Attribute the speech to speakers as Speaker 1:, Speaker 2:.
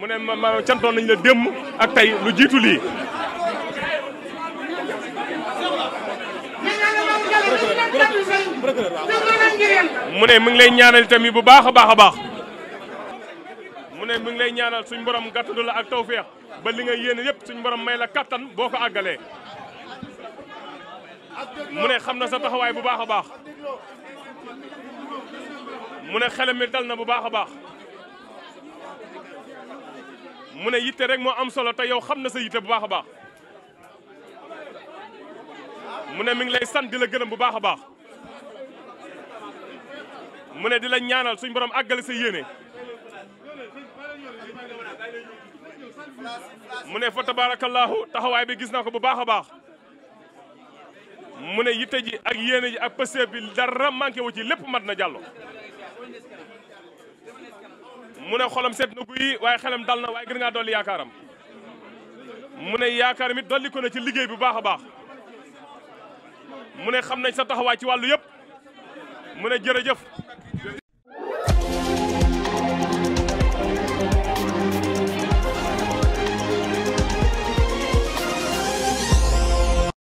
Speaker 1: mu ne ma ma cantoon nañ la démb ak tey lu jiitu lii. mu ne mu ngi lay ñaanal tamit bu baax a baax a baax. mu ne mu ngi lay ñaanal suñ borom gàttandu la ak tawféex ba li nga yéene yépp suñ borom may la kàttan boo ko àggalee. mu ne xam na sa taxawaay bu baax a baax. mu ne xelam mi dal na bu baax a baax. mu ne yitte rek moo am solo te yow xam na sa yitte bu baax a baax mu ne mi ngi lay sant di gërëm bu baax a baax mu ne dila ñaanal suñ borom àggale sa yéene mu ne fa tabaarakallaahu taxawaay bi gis naa ko bu baax a baax mu ne yitte ji ak yéene ji ak pëseeb bi dara wu ci lépp mat na jàllo mu ne xolam set na guy waaye xelam dal na waaye gën ngaa dolli yaakaaram mu ne yaakaar mit dolli ko na ci liggéey bu baax a baax mu ne xam nañ sa taxawaay ci wàllu yëpp mu ne jërëjëf